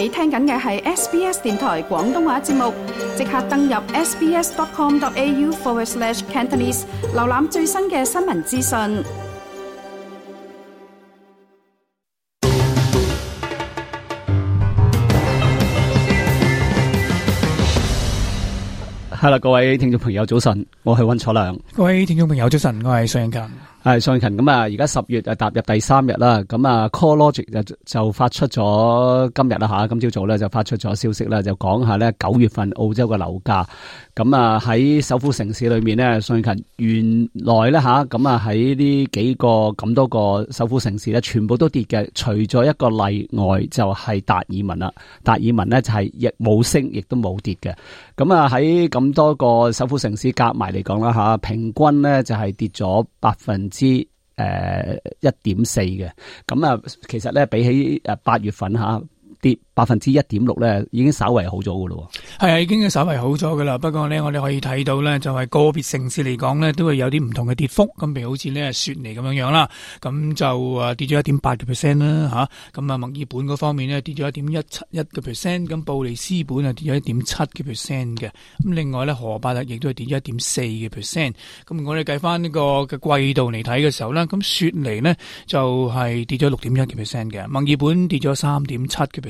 你聽緊嘅係 SBS 電台廣東話節目，即刻登入 sbs.com.au forward slash cantonese，瀏覽最新嘅新聞資訊。Hello，各位聽眾朋友，早晨，我係温楚良。各位聽眾朋友，早晨，我係常仁根。係尚勤咁啊！而家十月啊，踏入第三日啦。咁啊，CoreLogic 就就發出咗今日啦吓，今朝早咧就發出咗消息啦，就講下咧九月份澳洲嘅樓價。咁啊，喺首府城市裏面咧，尚勤原來咧吓，咁啊喺呢、啊、幾個咁多個首府城市咧，全部都跌嘅，除咗一個例外就係達爾文啦。達爾文咧就係、是、亦冇升，亦都冇跌嘅。咁啊喺咁多個首府城市夾埋嚟講啦吓，平均咧就係、是、跌咗百分。之誒一點四嘅，咁啊、嗯嗯，其實咧比起誒八、嗯、月份吓。跌百分之一點六咧，已經稍為好咗嘅咯。係啊，已經稍為好咗嘅啦。不過咧，我哋可以睇到咧，就係、是、個別城市嚟講咧，都係有啲唔同嘅跌幅。咁譬如，好似呢雪梨咁樣樣啦，咁就啊跌咗一點八嘅 percent 啦吓。咁啊，墨爾本嗰方面咧跌咗一點一七嘅 percent。咁、啊、布里斯本跌啊跌咗一點七嘅 percent 嘅。咁另外咧，荷伯特亦都係跌咗、啊、一點四嘅 percent。咁我哋計翻呢個嘅季度嚟睇嘅時候咧，咁、啊、雪梨呢，就係、是、跌咗六點一嘅 percent 嘅。墨爾本跌咗三點七嘅。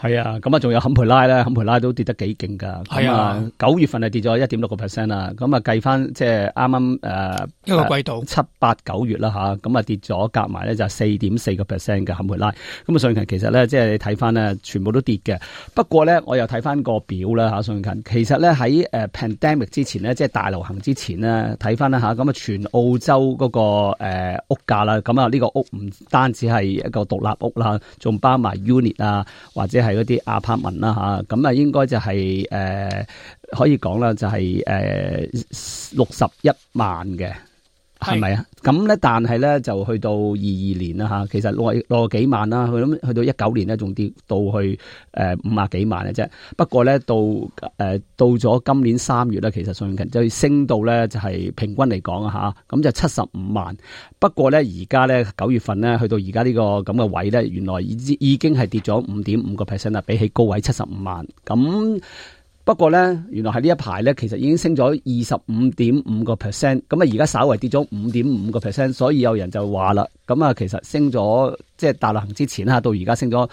係啊，咁啊，仲有坎培拉咧，坎培拉都跌得幾勁噶。係啊，九、啊、月份係跌咗一點六個 percent 啦。咁啊計翻即係啱啱誒一個季度七八九月啦吓，咁啊、嗯、跌咗夾埋咧就四點四個 percent 嘅坎培拉。咁、嗯、啊，上近其實咧即係你睇翻咧，全部都跌嘅。不過咧，我又睇翻個表啦吓、啊，上近其實咧喺誒 pandemic 之前咧，即係大流行之前咧，睇翻啦吓，咁啊全澳洲嗰、那個誒、呃、屋價啦，咁啊呢個屋唔單止係一個獨立屋啦，仲包埋 unit 啊或者係。係嗰啲阿帕文啦吓，咁啊應該就係、是、誒、呃、可以講啦，就係誒六十一萬嘅。係咪啊？咁咧，但係咧就去到二二年啦嚇，其實六六十幾萬啦，去諗去到一九年咧，仲跌到去誒五啊幾萬嘅啫。不過咧，到誒、呃、到咗今年三月咧，其實上近就升到咧就係、是、平均嚟講嚇，咁、啊、就七十五萬。不過咧，而家咧九月份咧，去到而家、這個、呢個咁嘅位咧，原來已已經係跌咗五點五個 percent 啦，比起高位七十五萬咁。嗯不過咧，原來喺呢一排咧，其實已經升咗二十五點五個 percent，咁啊而家稍為跌咗五點五個 percent，所以有人就話啦，咁啊其實升咗，即係大流行之前啦，到而家升咗。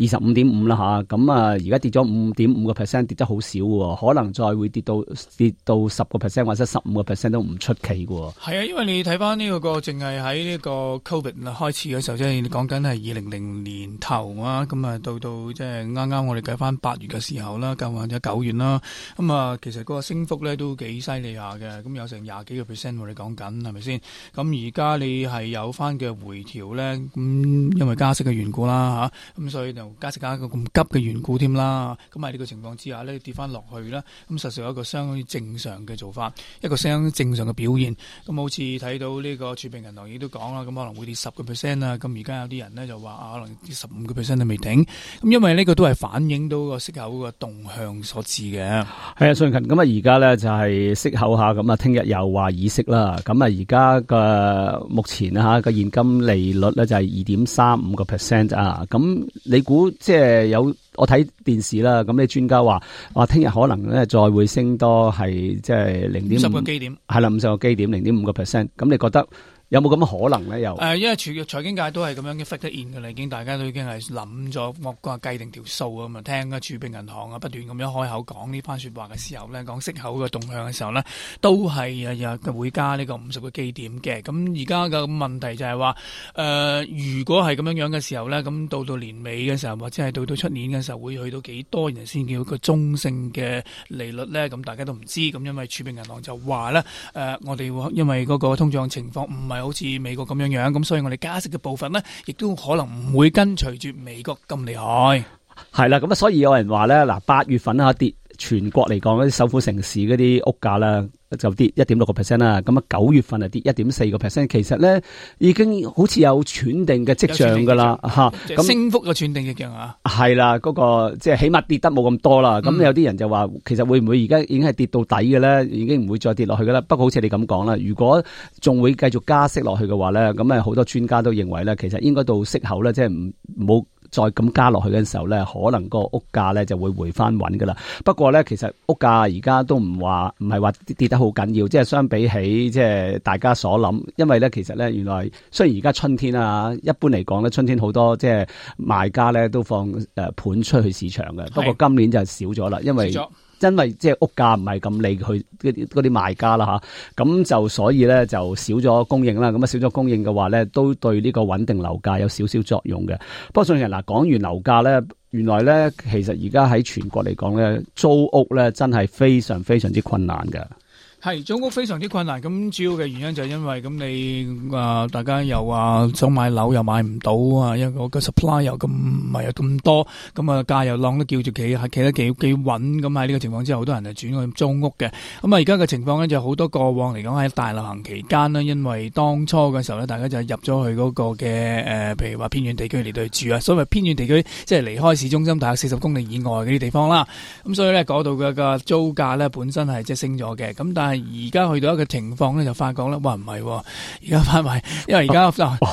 二十五點五啦吓，咁啊而家跌咗五點五個 percent，跌得好少，可能再會跌到跌到十個 percent 或者十五個 percent 都唔出奇嘅。係啊，因為你睇翻呢個個淨係喺呢個 covid 開始嘅時候，即係你講緊係二零零年頭啊，咁啊到到即係啱啱我哋計翻八月嘅時候啦，舊或者九月啦，咁啊其實嗰個升幅咧都幾犀利下嘅，咁有成廿幾個 percent 我哋講緊係咪先？咁而家你係有翻嘅回調咧，咁因為加息嘅緣故啦吓，咁所以。加息加一個咁急嘅緣故添啦，咁喺呢個情況之下咧跌翻落去啦，咁實上有一個相當正常嘅做法，一個相當正常嘅表現。咁好似睇到呢個儲備銀行亦都講啦，咁可能會跌十個 percent 啦，咁而家有啲人咧就話啊可能跌十五個 percent 都未頂，咁因為呢個都係反映到個息口個動向所致嘅。係啊，順群，咁啊而家咧就係息口吓，咁啊聽日又話議息啦，咁啊而家嘅目前吓個現金利率咧就係二點三五個 percent 啊，咁你估？股即係有我睇電視啦，咁啲專家話話聽日可能咧再會升多係即係零點五十個基點，係啦，五十個基點零點五個 percent，咁你覺得？有冇咁嘅可能咧？又誒、呃，因為全財經界都係咁樣嘅 factor in 嘅啦，已經大家都已經係諗咗，我個計定條數啊嘛。聽嘅儲備銀行啊，不斷咁樣開口講呢番説話嘅時候咧，講息口嘅動向嘅時候咧，都係日日會加呢個五十個基點嘅。咁而家嘅問題就係話誒，如果係咁樣樣嘅時候咧，咁到到年尾嘅時候，或者係到到出年嘅時候，會去到幾多年先叫個中性嘅利率咧？咁大家都唔知。咁因為儲備銀行就話咧誒，我哋因為嗰個通脹情況唔係。好似美國咁樣樣咁，所以我哋加息嘅部分咧，亦都可能唔會跟隨住美國咁厲害。係啦，咁啊，所以有人話咧，嗱，八月份啊跌，全國嚟講，啲首府城市嗰啲屋價啦，就跌一點六個 percent 啦。咁啊，九月份啊跌一點四個 percent。其實咧，已經好似有喘定嘅跡象噶啦，嚇。咁、啊、升幅嘅喘定嘅跡象啊，係啦，嗰、嗰個即係起碼跌得冇咁多啦。咁有啲人就話，其實會唔會而家已經係跌到底嘅咧？已經唔會再跌落去噶啦。不過好似你咁講啦，如果仲會繼續加息落去嘅話咧，咁啊好多專家都認為咧，其實應該到息口咧，即係唔冇。再咁加落去嘅時候咧，可能個屋價咧就會回翻穩噶啦。不過咧，其實屋價而家都唔話，唔係話跌得好緊要，即係相比起即係大家所諗。因為咧，其實咧原來雖然而家春天啊，一般嚟講咧春天好多即係賣家咧都放誒盤出去市場嘅。是不過今年就少咗啦，因為。因為即係屋價唔係咁利，去嗰啲嗰啲賣家啦吓，咁啊就所以咧就少咗供應啦。咁啊少咗供應嘅話咧，都對呢個穩定樓價有少少作用嘅。不過仲有嗱，講完樓價咧，原來咧其實而家喺全國嚟講咧，租屋咧真係非常非常之困難嘅。係租屋非常之困難，咁主要嘅原因就係因為咁你啊、呃，大家又話想買樓又買唔到啊因為、嗯、啊，一個個 supply 又咁唔係又咁多，咁啊價又浪都叫住企，企得幾幾穩，咁喺呢個情況之下，好多人轉、嗯、啊轉去租屋嘅。咁啊而家嘅情況呢，就好、是、多過往嚟，講喺大流行期間咧，因為當初嘅時候呢，大家就入咗去嗰個嘅誒、呃，譬如話偏遠地區嚟到住啊，所謂偏遠地區即係離開市中心大約四十公里以外嗰啲地方啦。咁、嗯、所以呢，嗰度嘅租價呢，本身係即係升咗嘅，咁、嗯、但係。而家去到一個情況咧，就發覺啦。哇唔係，而家反為，因為而家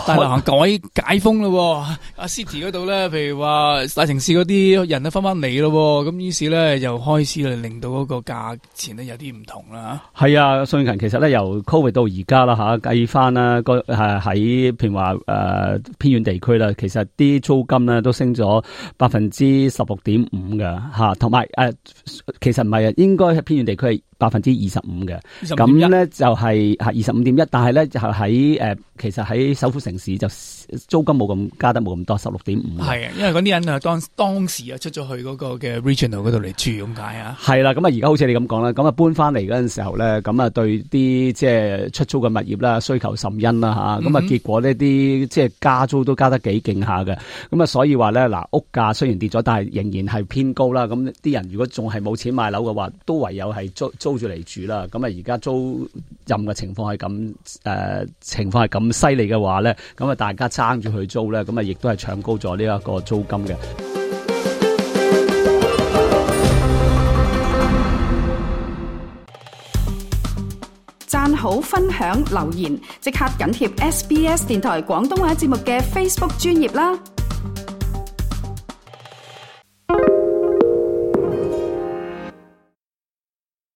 大流行改解封咯，阿、 啊、City 嗰度咧，譬如話大城市嗰啲人都翻翻嚟咯，咁於是咧又開始令到嗰個價錢咧有啲唔同啦。係啊，信羣其實咧由 COVID 到而家啦嚇，計翻啦個誒喺譬如話誒偏遠地區啦，其實啲租金咧都升咗百分之十六點五㗎嚇，同埋誒其實唔係啊，應該係偏遠地區。百分之二十五嘅，咁咧二十五點一？就係吓二十五點一，但係咧就喺誒，其實喺首府城市就租金冇咁加得冇咁多，十六點五。係啊，因為嗰啲人啊當當時啊出咗去嗰個嘅 regional 嗰度嚟住咁解啊。係啦、嗯，咁啊而家好似你咁講啦，咁啊搬翻嚟嗰陣時候咧，咁啊對啲即係出租嘅物業啦需求甚殷啦吓，咁啊結果呢啲即係加租都加得幾勁下嘅，咁啊所以話咧嗱屋價雖然跌咗，但係仍然係偏高啦。咁啲人如果仲係冇錢買樓嘅話，都唯有係租。租住嚟住啦，咁啊而家租任嘅情況係咁，誒，情況係咁犀利嘅話呢，咁啊大家爭住去租咧，咁啊亦都係搶高咗呢一個租金嘅。讚好、分享、留言，即刻緊貼 SBS 電台廣東話節目嘅 Facebook 專頁啦。